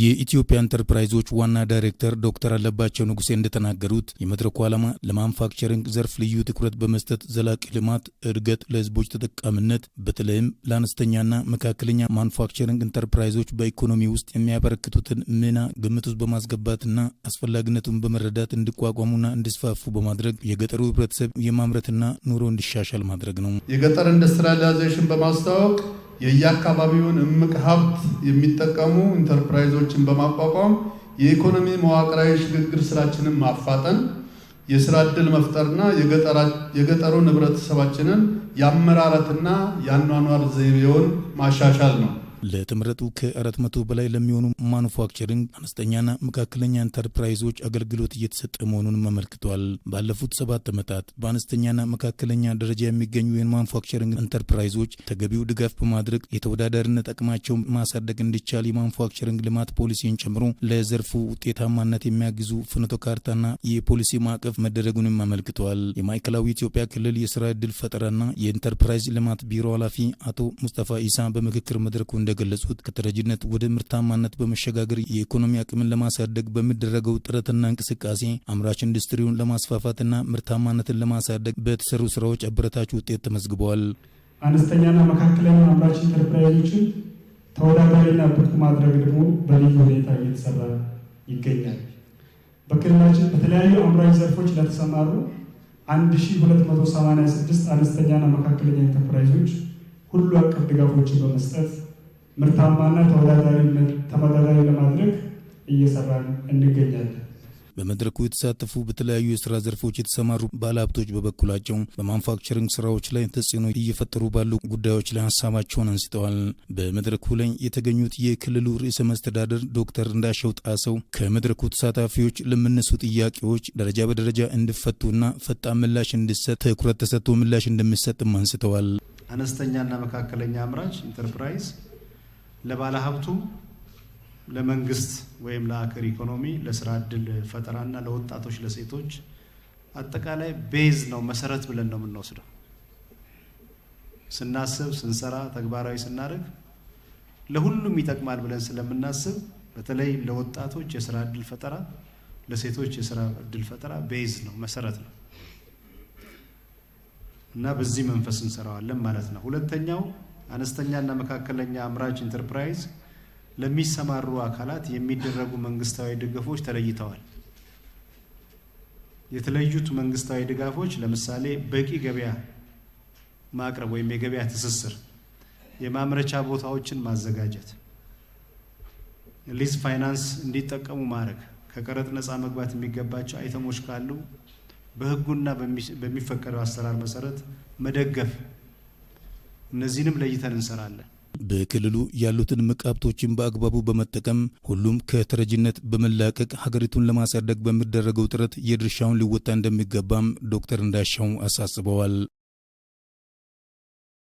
የኢትዮጵያ ኢንተርፕራይዞች ዋና ዳይሬክተር ዶክተር አለባቸው ንጉሴ እንደተናገሩት የመድረኩ ዓላማ ለማንፋክቸሪንግ ዘርፍ ልዩ ትኩረት በመስጠት ዘላቂ ልማት፣ እድገት፣ ለህዝቦች ተጠቃሚነት በተለይም ለአነስተኛና መካከለኛ ማንፋክቸሪንግ ኢንተርፕራይዞች በኢኮኖሚ ውስጥ የሚያበረክቱትን ሚና ግምት ውስጥ በማስገባትና አስፈላጊነቱን በመረዳት እንዲቋቋሙና እንዲስፋፉ በማድረግ የገጠሩ ህብረተሰብ የማምረትና ኑሮ እንዲሻሻል ማድረግ ነው። የገጠር ኢንዱስትሪያላይዜሽን በማስታወቅ የየአካባቢውን እምቅ ሀብት የሚጠቀሙ ኢንተርፕራይዞችን በማቋቋም የኢኮኖሚ መዋቅራዊ ሽግግር ስራችንን ማፋጠን፣ የስራ ዕድል መፍጠርና የገጠሩን ህብረተሰባችንን የአመራረትና የአኗኗር ዘይቤውን ማሻሻል ነው። ለተመረጡ ከ400 በላይ ለሚሆኑ ማኑፋክቸሪንግ አነስተኛና መካከለኛ ኢንተርፕራይዞች አገልግሎት እየተሰጠ መሆኑን መመልክቷል። ባለፉት ሰባት ዓመታት በአነስተኛና መካከለኛ ደረጃ የሚገኙ የማኑፋክቸሪንግ ኢንተርፕራይዞች ተገቢው ድጋፍ በማድረግ የተወዳዳሪነት አቅማቸውን ማሳደግ እንዲቻል የማኑፋክቸሪንግ ልማት ፖሊሲን ጨምሮ ለዘርፉ ውጤታማነት የሚያግዙ ፍኖተ ካርታና የፖሊሲ ማዕቀፍ መደረጉንም አመልክተዋል። የማዕከላዊ ኢትዮጵያ ክልል የስራ ዕድል ፈጠራና የኢንተርፕራይዝ ልማት ቢሮ ኃላፊ አቶ ሙስጠፋ ኢሳ በምክክር መድረኩ እንደገለጹት ከተረጂነት ወደ ምርታማነት በመሸጋገር የኢኮኖሚ አቅምን ለማሳደግ በሚደረገው ጥረትና እንቅስቃሴ አምራች ኢንዱስትሪውን ለማስፋፋትና ምርታማነትን ለማሳደግ በተሰሩ ስራዎች አበረታች ውጤት ተመዝግበዋል። አነስተኛና መካከለኛ አምራች ኢንተርፕራይዞችን ተወዳዳሪና ብቁ ማድረግ ደግሞ በልዩ ሁኔታ እየተሰራ ይገኛል። በክልላችን በተለያዩ አምራች ዘርፎች ለተሰማሩ 1286 አነስተኛና መካከለኛ ኢንተርፕራይዞች ሁሉ አቀፍ ድጋፎችን በመስጠት ምርታማና ለማድረግ እየሰራን እንገኛለን። በመድረኩ የተሳተፉ በተለያዩ የስራ ዘርፎች የተሰማሩ ባለሀብቶች በበኩላቸው በማንፋክቸሪንግ ስራዎች ላይ ተጽዕኖ እየፈጠሩ ባሉ ጉዳዮች ላይ ሀሳባቸውን አንስተዋል። በመድረኩ ላይ የተገኙት የክልሉ ርዕሰ መስተዳደር ዶክተር እንዳሸው ጣሰው ከመድረኩ ተሳታፊዎች ለሚነሱ ጥያቄዎች ደረጃ በደረጃ እንዲፈቱና ፈጣን ምላሽ እንዲሰጥ ትኩረት ተሰጥቶ ምላሽ እንደሚሰጥም አንስተዋል። አነስተኛና መካከለኛ አምራች ኢንተርፕራይዝ ለባለሀብቱም ለመንግስት ወይም ለአክር ኢኮኖሚ ለስራ እድል ፈጠራና ለወጣቶች ለሴቶች አጠቃላይ ቤዝ ነው መሰረት ብለን ነው የምንወስደው። ስናስብ ስንሰራ ተግባራዊ ስናደርግ ለሁሉም ይጠቅማል ብለን ስለምናስብ በተለይ ለወጣቶች የስራ እድል ፈጠራ፣ ለሴቶች የስራ እድል ፈጠራ ቤዝ ነው መሰረት ነው እና በዚህ መንፈስ እንሰራዋለን ማለት ነው። ሁለተኛው አነስተኛና መካከለኛ አምራች ኢንተርፕራይዝ ለሚሰማሩ አካላት የሚደረጉ መንግስታዊ ድጋፎች ተለይተዋል። የተለዩት መንግስታዊ ድጋፎች ለምሳሌ በቂ ገበያ ማቅረብ ወይም የገበያ ትስስር፣ የማምረቻ ቦታዎችን ማዘጋጀት፣ ሊዝ ፋይናንስ እንዲጠቀሙ ማድረግ፣ ከቀረጥ ነፃ መግባት የሚገባቸው አይተሞች ካሉ በህጉና በሚፈቀደው አሰራር መሰረት መደገፍ እነዚህንም ለይተን እንሰራለን። በክልሉ ያሉትን እምቅ ሀብቶችን በአግባቡ በመጠቀም ሁሉም ከተረጅነት በመላቀቅ ሀገሪቱን ለማሳደግ በሚደረገው ጥረት የድርሻውን ሊወጣ እንደሚገባም ዶክተር እንዳሻው አሳስበዋል።